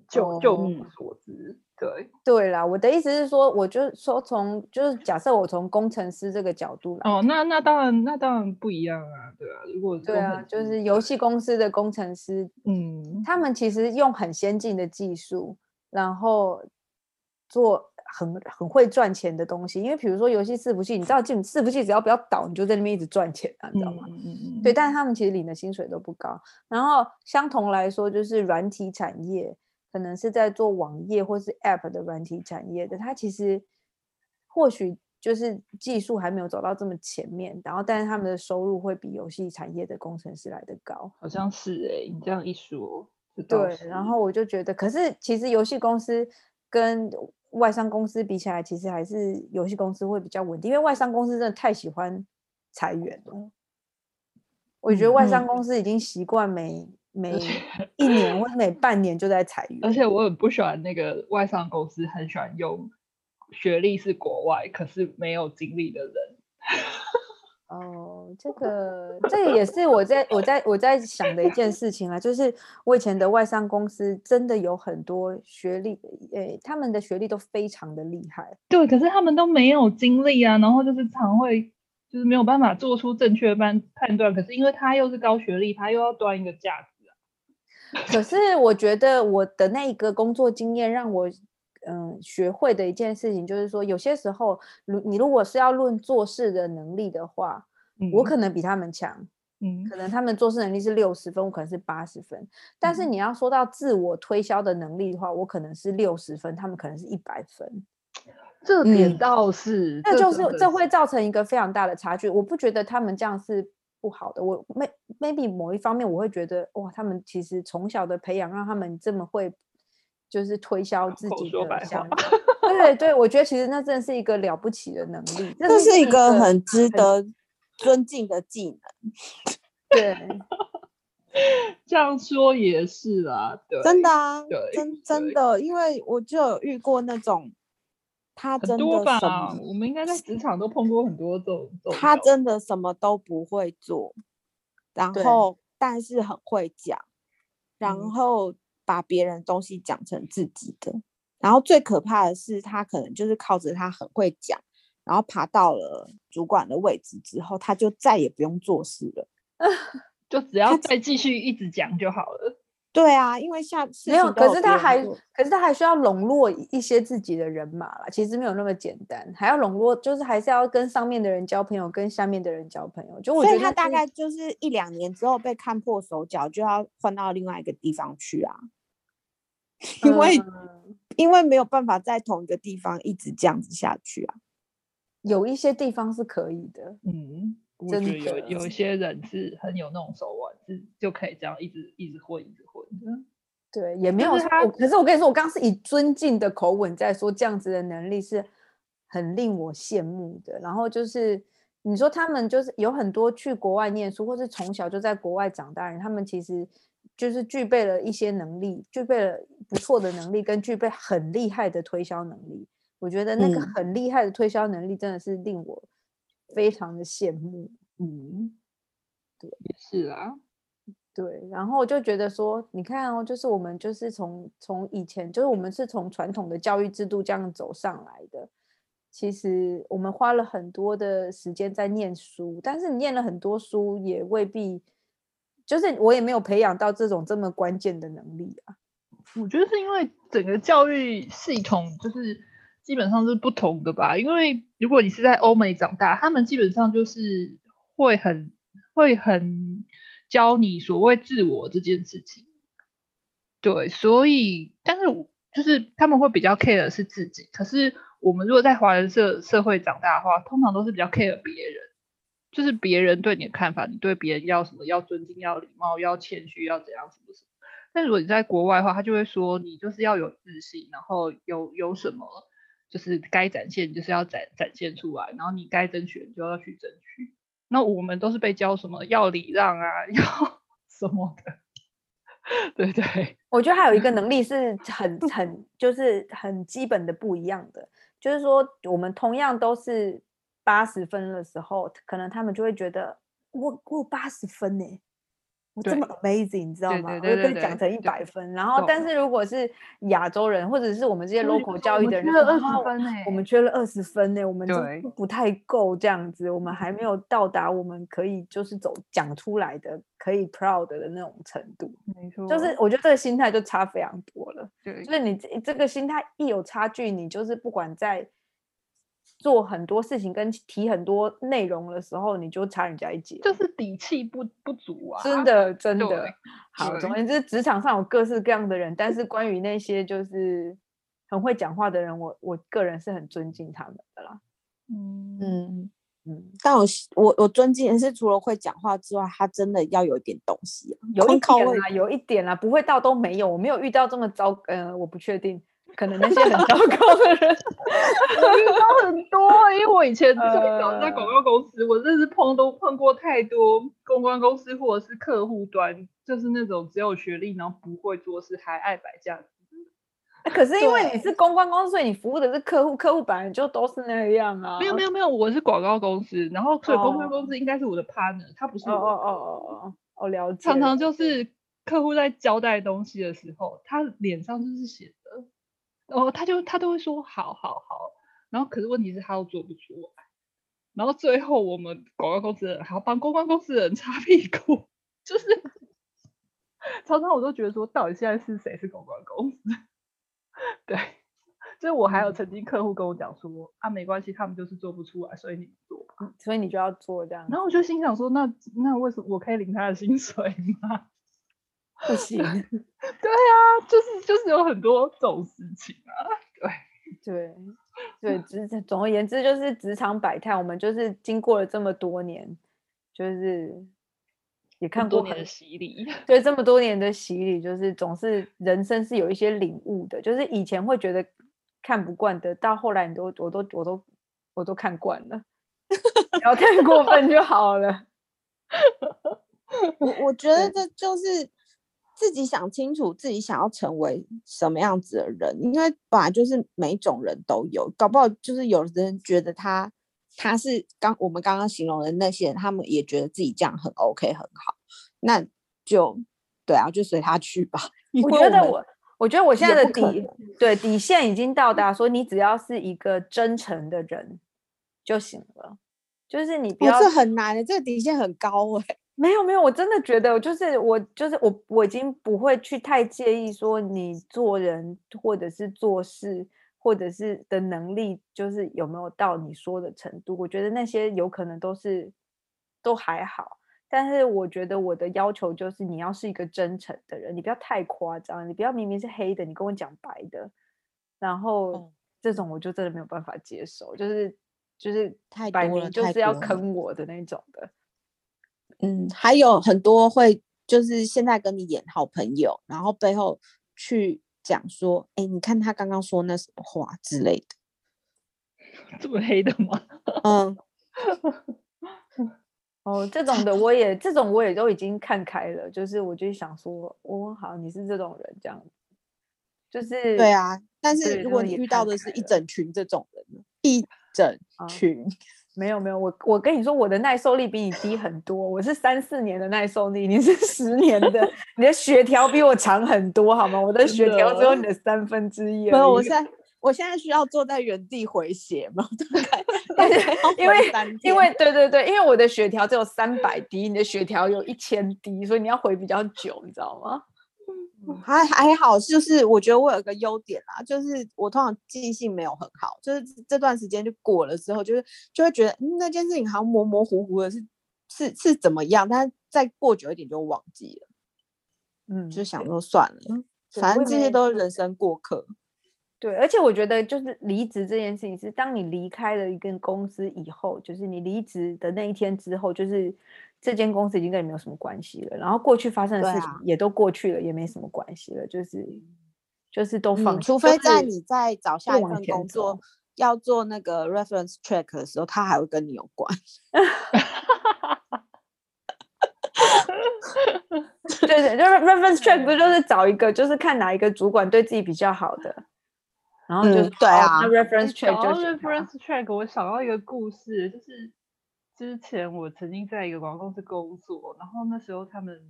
就、哦、就所知。嗯對對啦，我的意思是說，我就說從就是假設我從工程師這個角度來哦，那那當然那當然不一樣啊，對啊，如果對啊，就是遊戲公司的工程師，嗯，他們其實用很先進的技術，然後做很很會賺錢的東西，因為比如說遊戲伺服器，你知道，進伺服器只要不要倒，你就在那邊一直賺錢啊，你知道嗎？嗯，對，但是他們其實領的薪水都不高，然後相同來說就是軟體產業。可能是在做網頁或是 App 的軟體產業的，他其實或許就是技術還沒有走到這麼前面，然後但是他們的收入會比遊戲產業的工程師來得高。好像是哎、欸，你這樣一說，對。然後我就覺得，可是其實遊戲公司跟外商公司比起來，其實還是遊戲公司會比較穩定，因為外商公司真的太喜歡裁員了。我覺得外商公司已經習慣沒。嗯每一年或者 每半年就在裁員，而且我很不喜歡那個外商公司，很喜歡用學歷是國外可是沒有經歷的人。哦，這個這個也是我在我在我在想的一件事情啊,就是我以前的外商公司真的有很多學歷，呃、欸，他們的學歷都非常的厲害。對，可是他們都沒有經歷啊，然後就是常會就是沒有辦法做出正確判判斷。可是因為他又是高學歷，他又要端一個架子。 可是我覺得我的那一個工作經驗讓我，嗯，學會的一件事情就是說，有些時候，如你如果是要論做事的能力的話，嗯、我可能比他們強，嗯，可能他們做事能力是六十分，我可能是八十分。嗯、但是你要說到自我推銷的能力的話，我可能是六十分，他們可能是一百分。這點倒是，嗯、是那就是這會造成一個非常大的差距。我不覺得他們這樣是。不好的，我 may maybe 某一方面，我會覺得哇，他們其實從小的培養，讓他們這麼會，就是推銷自己的想法，對，對對，我覺得其實那真的是一個了不起的能力，這是一個很值得尊敬的技能。對， 這樣說也是啊，真的啊，對真對真的，因為我就有遇過那種。他真的什麼，多吧，我們應該在職場都碰過很多種。他真的什麼都不會做，然後對但是很會講，然後把別人東西講成自己的。嗯，然後最可怕的是，他可能就是靠着他很會講，然後爬到了主管的位置之後，他就再也不用做事了， 就只要再繼續一直講就好了。對啊，因為下次，次沒有，可是他還，可是他還需要籠絡一些自己的人馬啦。其實沒有那麼簡單，還要籠絡，就是還是要跟上面的人交朋友，跟下面的人交朋友。就我覺得、就是，所以他大概就是一兩年之後被看破手腳，就要換到另外一個地方去啊。嗯、 因為因為沒有辦法在同一個地方一直這樣子下去啊。有一些地方是可以的，嗯，真的。有有一些人是很有那種手腕。就可以這樣一直一直混一直混，嗯，對，也沒有差，但是他。可是我跟你說，我剛剛是以尊敬的口吻在說，這樣子的能力是很令我羨慕的。然後就是你說他們就是有很多去國外念書，或是從小就在國外長大人，他們其實就是具備了一些能力，具備了不錯的能力，跟具備很厲害的推銷能力。我覺得那個很厲害的推銷能力真的是令我非常的羨慕。嗯，對，也是啊。對，然後我就覺得說，你看哦，就是我們就是從從以前，就是我們是從傳統的教育制度這樣走上來的。其實我們花了很多的時間在念書，但是你念了很多書，也未必就是我也沒有培養到這種這麼關鍵的能力啊。我覺得是因為整個教育系統就是基本上是不同的吧。因為如果你是在歐美長大，他們基本上就是會很會很。教你所謂自我這件事情，對，所以，但是就是他們會比較 care 的是自己，可是我們如果在華人社社會長大的話，通常都是比較 care 別人，就是別人對你的看法，你對別人要什麼，要尊敬，要禮貌，要謙虛，要怎樣什麼什麼。但是如果你在國外的話，他就會說你就是要有自信，然後有有什麼就是該展現就是要展展現出來，然後你該爭取就要去爭取。那我們都是被教什麼要禮讓啊，要什麼的？對對，我覺得還有一個能力是很 很就是很基本的不一樣的，就是說我們同樣都是八十分的時候，可能他們就會覺得我我有八十分呢、欸。我這麼 amazing，對你知道嗎？對對對對，我就可以講成一百分，對對對，然後但是如果是亞洲人或者是我們這些 local 教育的人，嗯，我們缺了二十分呢，我們，我們不太夠這樣子，對我們還沒有到達我們可以就是走講出來的可以 proud 的那種程度，沒錯，就是我覺得這個心態就差非常多了，對，就是你這個心態一有差距，你就是不管在。做很多事情跟提很多內容的時候，你就差人家一截，就是底氣不不足啊！真的真的，真的對好，對總之職場上有各式各樣的人，但是關於那些就是很會講話的人，我我個人是很尊敬他們的啦。嗯嗯，但我我我尊敬是除了會講話之外，他真的要有一點東西啊，有一點啊，有一點啊，不會到都沒有，我沒有遇到這麼糟，嗯、呃，我不確定。 可能那些很糟糕的人都 很多，因為我以前最早在廣告公司，呃、我真是碰都碰過太多公關公司或者是客戶端，就是那種只有學歷，然後不會做事，還愛擺架子。可是因為你是公關公司，對所以你服務的是客戶，客戶本來就都是那樣啊。沒有沒有沒有，我是廣告公司，然後所以公關公司應該是我的 partner，、哦、他不是哦哦哦哦哦，我、哦、了解。常常就是客戶在交代東西的時候，他臉上就是寫的。哦，他就他都會說好好好，然後可是問題是他又做不出來，然後最後我們廣告公司的人還要幫公關公司的人擦屁股，就是 常常我都覺得說，到底現在是誰是公關公司？對，所以我還有曾經客戶跟我講說、嗯、啊，沒關係，他們就是做不出來，所以你做，所以你就要做這樣。然後我就心想說，那那為什麼我可以領他的薪水嗎？不行， 對啊，就是就是有很多種事情啊，對對對，就是總而言之，就是職場百態。我們就是經過了這麼多年，就是也看過很，很多年的洗禮，對，這麼多年的洗禮，就是總是人生是有一些領悟的。就是以前會覺得看不慣的，到後來你都我都我都我都看慣了，不 要太過分就好了。 我我覺得這就是。自己想清楚，自己想要成為什麼樣子的人，因為本來就是每一種人都有，搞不好就是有的人覺得他他是剛我們剛剛形容的那些人，他們也覺得自己這樣很 OK 很好，那就對啊，就隨他去吧。我覺得我我，我覺得我現在的底對底線已經到達，說你只要是一個真誠的人就行了，就是你不要我是很難的，這個底線很高哎、欸。沒有沒有，我真的覺得、就是、就是我就是我我已經不會去太介意說你做人或者是做事或者是的能力，就是有沒有到你說的程度，我覺得那些有可能都是都還好，但是我覺得我的要求就是你要是一個真誠的人，你不要太誇張，你不要明明是黑的，你跟我講白的，然後這種我就真的沒有辦法接受，就是就是太擺明就是要坑我的那種的。嗯，還有很多會就是現在跟你演好朋友，然後背後去講說，哎、欸，你看他剛剛說那什麼話之類的，這麼黑的嗎？ 嗯， 哦，這種的我也， 這種我也都已經看開了，就是我就想說，我、哦、好，你是這種人這樣就是對啊，但是如果你遇到的是一整群這種人，一整群。嗯沒有沒有，我我跟你說，我的耐受力比你低很多。我是三四年的耐受力，你是十年的。 你的血條比我長很多，好嗎？我的血條只有你的三分之一，哦。沒有，我現在我現在需要坐在原地回血嘛，對不對？因為 因為對對對，因為我的血條只有三百滴，你的血條有一千滴，所以你要回比較久，你知道嗎？還還好，就是我覺得我有一個優點啦，就是我通常記性沒有很好，就是這段時間就過了之後就，就是就會覺得、嗯、那件事情好像模模糊糊的是，是是是怎麼樣，但再過久一點就忘記了，嗯，就想說算了，對反正這些都是人生過客。對，對，對，而且我覺得就是離職這件事情，是當你離開了一個公司以後，就是你離職的那一天之後，就是。這間公司已經跟你沒有什麼關係了，然後過去發生的事情也都過去了，啊、也沒什麼關係了，就是就是都放、嗯。除非在你在找下一份工作要做那個 reference check 的時候，他還會跟你有關。對對，就 reference check 不就是找一個，就是看哪一個主管對自己比較好的，然後就是、嗯、對啊，reference check。然後 reference check，我想到一個故事，就是。之前我曾經在一個廣告公司工作，然後那時候他們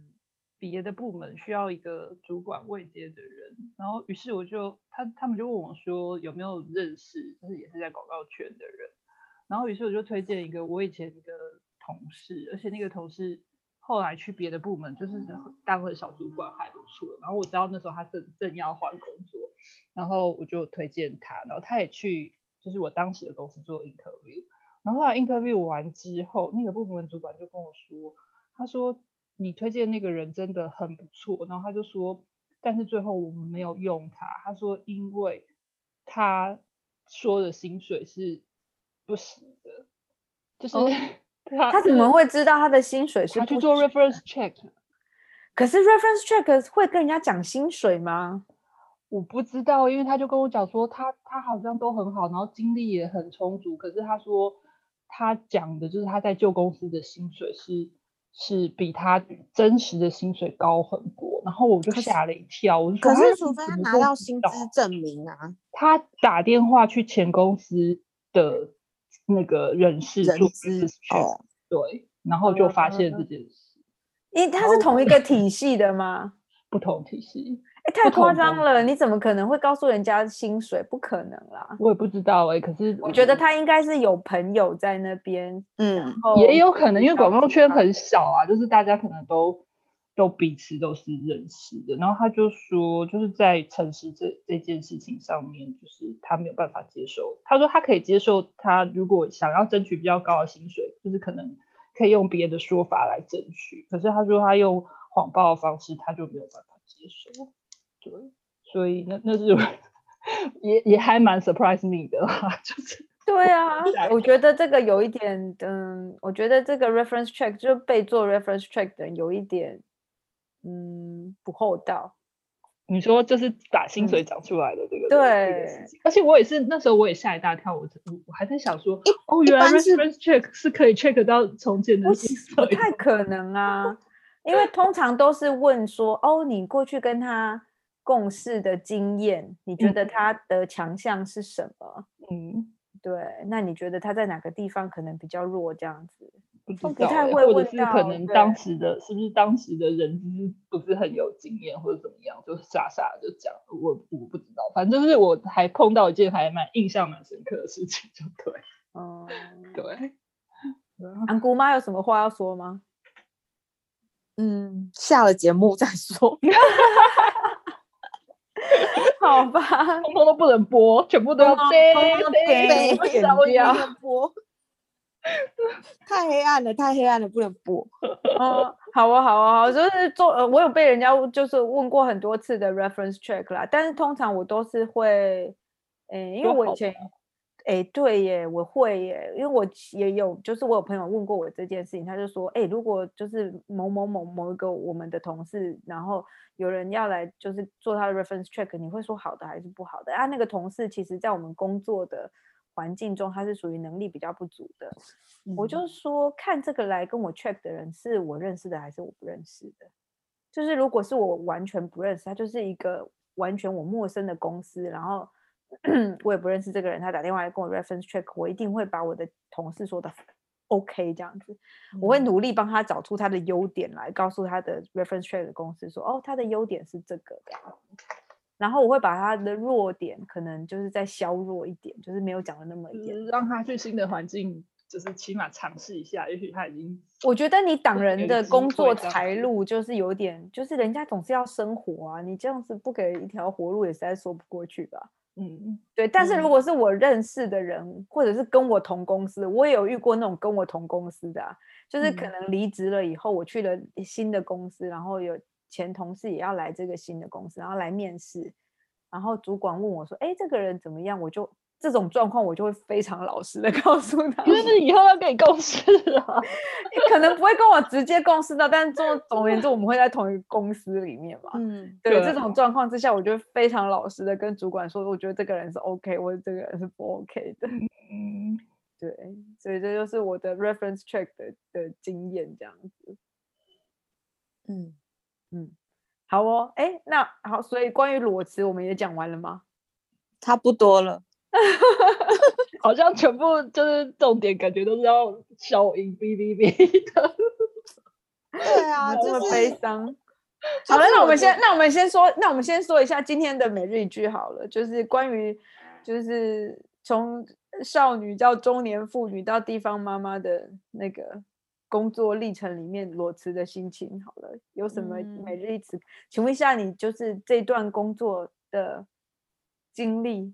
別的部門需要一個主管位階的人，然後於是我就他他們就問我說有沒有認識就是也是在廣告圈的人，然後於是我就推薦一個我以前的同事，而且那個同事後來去別的部門就是當了小主管還不錯，然後我知道那時候他正正要換工作，然後我就推薦他，然後他也去就是我當時的公司做 interview。然後 interview 完之後，那個部門主管就跟我說，他說你推薦那個人真的很不錯，然後他就說，但是最後我們沒有用他。他說因為他說的薪水是不行的，就、哦、是他怎麼會知道他的薪水？是？他去做 reference check。可是 reference check 會跟人家講薪水嗎？我不知道，因為他就跟我講說他他好像都很好，然後精力也很充足，可是他說。他講的就是他在舊公司的薪水是，是比他真實的薪水高很多，然後我就嚇了一跳，我就說可是除非他拿到薪資證明啊，他打電話去前公司的那個人事處，哦、對，然後就發現這件事，因為他是同一個體系的嗎？ 不同體系。欸、太誇張了！你怎麼可能會告訴人家薪水？不可能啦！我也不知道哎，欸，可是我覺得他應該是有朋友在那邊，嗯，也有可能，因為廣告圈很小啊，嗯、就是大家可能都都彼此都是認識的。然後他就說，就是在誠實這這件事情上面，就是他沒有辦法接受。他說他可以接受，他如果想要爭取比較高的薪水，就是可能可以用別的說法來爭取。可是他說他用謊報的方式，他就沒有辦法接受。所以，那那是也 也還蠻 surprise me 的， 就是對啊，我，我覺得這個有一點，嗯，我覺得這個 reference check 就被做 reference check 的有一點，嗯，不厚道。你說這是打薪水講出來的這個對事情，而且我也是那時候我也嚇一大跳，我我還在想說，一哦，原來 reference check 是可以 check 到從前的事情，不太可能啊， 因為通常都是問說，哦，你過去跟他。共事的經驗，你覺得他的強項是什麼？嗯，對。那你覺得他在哪個地方可能比較弱？這樣子不知道、欸，或者是可能當時的對是不是當時的人不是很有經驗，或者怎麼樣，就是、傻傻就講。我我不知道，反正就是我還碰到一件還蠻印象蠻深刻的事情，就對，嗯，對。安姑媽有什麼話要說嗎？嗯，下了節目再說。 好吧，通通都不能播，全部都要播，太黑暗了，太黑暗了，不能播。好啊，好啊，好，就是做，我有被人家就是問過很多次的 reference check 啦，但是通常我都是會，因為我以前。哎、欸，對耶，我會耶，因為我也有，就是我有朋友問過我這件事情，他就說，哎、欸，如果就是某某某某一個我們的同事，然後有人要來就是做他的 reference check，你會說好的還是不好的啊？那個同事其實，在我們工作的環境中，他是屬於能力比較不足的。嗯、我就說，看這個來跟我 check 的人是我認識的還是我不認識的？就是如果是我完全不認識，他就是一個完全我陌生的公司，然後。 我也不認識這個人，他打電話來跟我 reference check，我一定會把我的同事說的 OK 這樣子，我會努力幫他找出他的優點來，告訴他的 reference check 公司說，哦，他的優點是這個，這樣，然後我會把他的弱點可能就是再削弱一點，就是沒有講的那麼一點，讓他去新的環境，就是起碼嘗試一下，也許他已經，我覺得你擋人的工作財路就是有點，就是人家總是要生活啊，你這樣子不給一條活路，也實在說不過去吧。嗯，對，但是如果是我認識的人，嗯、或者是跟我同公司，我也有遇過那種跟我同公司的啊，就是可能離職了以後，我去了新的公司，然後有前同事也要來這個新的公司，然後來面試，然後主管問我說：“哎，這個人怎麼樣？”我就。這種狀況，我就會非常老實的告訴他，就是以後要跟你共事了，你 可能不會跟我直接共事 的，但是總總言之，我們會在同一個公司裡面嘛。嗯，對。對了這種狀況之下，我就會非常老實的跟主管說，我覺得這個人是 OK，我這個人是不 OK 的。嗯，對。所以這就是我的 reference check 的的經驗，這樣子。嗯嗯，好哦，哎、欸，那好，所以關於裸辭，我們也講完了嗎？差不多了。哈哈， 好像全部就是重點，感覺都是要消音嗶嗶嗶的。對啊，這麼 悲傷。就是、好了，那我，那我們先，那我們先說，那我們先說一下今天的每日一句好了，就是關於，就是從少女到中年婦女到地方媽媽的那個工作歷程裡面裸辭的心情。好了，有什麼每日一詞？嗯、請問一下，你就是這段工作的經歷。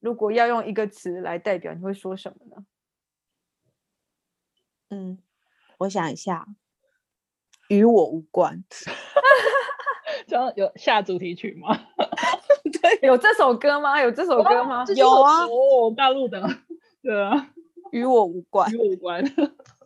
如果要用一個詞來代表，你會說什麼呢？嗯，我想一下，與我無關。 有下主題曲嗎？ 對，有這首歌嗎？有這首歌嗎？我有啊，我我大陸的， 對啊，與我無關，與我無關。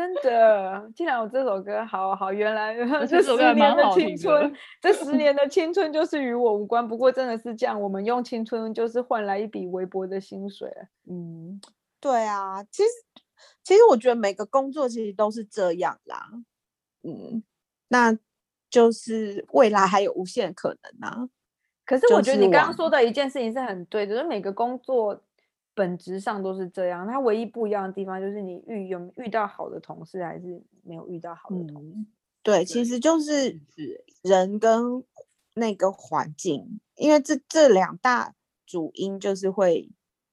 真的，竟然有這首歌，好好，原來這十年的青春，這， 這十年的青春就是與我無關。不過真的是這樣，我們用青春就是換來一筆微薄的薪水。嗯，對啊，其實其實我覺得每個工作其實都是這樣啦。嗯，那就是未來還有無限可能啊。可是我覺得你剛剛說的一件事情是很對的，就是每個工作。本質上都是這樣，它唯一不一樣的地方就是你遇有，有遇到好的同事還是沒有遇到好的同事。嗯、對，對，其實就是人跟那個環境，因為這這兩大主因就是會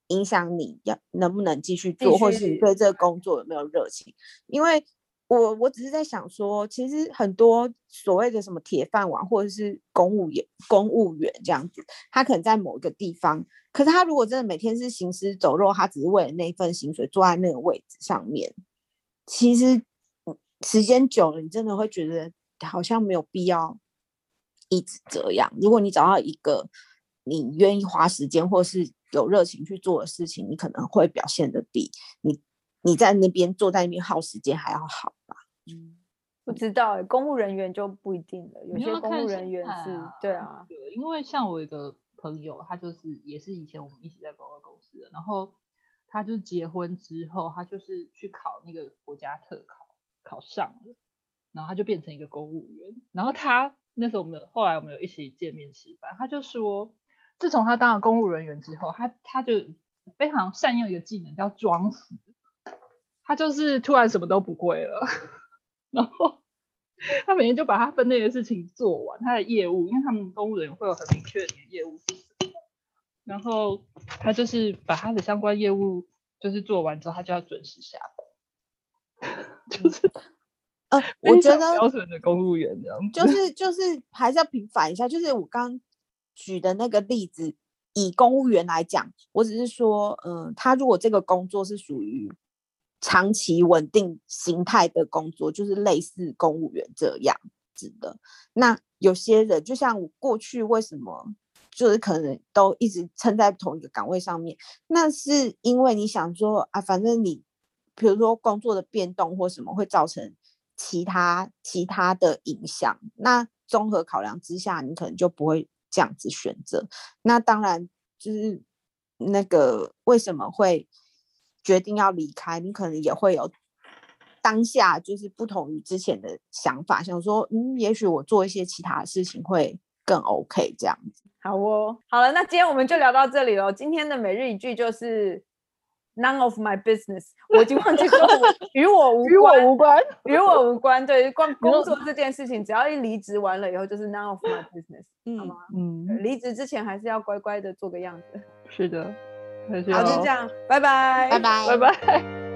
影響你要能不能繼續做，續或是你對這個工作有沒有熱情，因為。我我只是在想說，其實很多所謂的什麼鐵飯碗，或者是公務員、公務員這樣子，他可能在某一個地方，可是他如果真的每天是行屍走肉，他只是為了那份薪水坐在那個位置上面，其實時間久了，你真的會覺得好像沒有必要一直這樣。如果你找到一個你願意花時間或是有熱情去做的事情，你可能會表現得比你。你在那邊坐在那邊耗時間還要好吧？嗯，嗯，不知道，公務人員就不一定了，有些公務人員是啊對啊對，因為像我一個朋友，他就是也是以前我們一起在廣告公司的，然後他就結婚之後，他就是去考那個國家特考，考上了，然後他就變成一個公務員，然後他那時候我們後來我們有一起見面吃飯，他就說，自從他當了公務人員之後，他他就非常善用一個技能叫裝死。他就是突然什麼都不會了，然後他每天就把他分內的事情做完，他的業務，因為他們公務員會有很明確的業務是什麼，然後他就是把他的相關業務就是做完之後，他就要準時下班，嗯、 就是呃，我覺得，標準的公務員這樣。就是就是還是要平反一下，就是我剛剛舉的那個例子，以公務員來講，我只是說，嗯、呃，他如果這個工作是屬於。長期穩定型態的工作，就是類似公務員這樣子的。那有些人就像我過去為什麼，就是可能都一直撐在同一個崗位上面，那是因為你想說啊，反正你比如說工作的變動或什麼會造成其他其他的影響，那綜合考量之下，你可能就不會這樣子選擇。那當然就是那個為什麼會決定要離開，你可能也會有當下，就是不同於之前的想法，想說，嗯，也許我做一些其他的事情會更 OK 這樣子。好哦，好了，那今天我們就聊到這裡嘍。今天的每日一句就是 None of my business，我已經忘記說，與我無關，與 我無關，與 我無關。對，關於工作這件事情，只要一離職完了以後，就是 None of my business。嗯 嗯，好嗎？嗯，離職之前還是要乖乖的做個樣子。是的。好，就這樣，拜拜，拜拜，拜拜。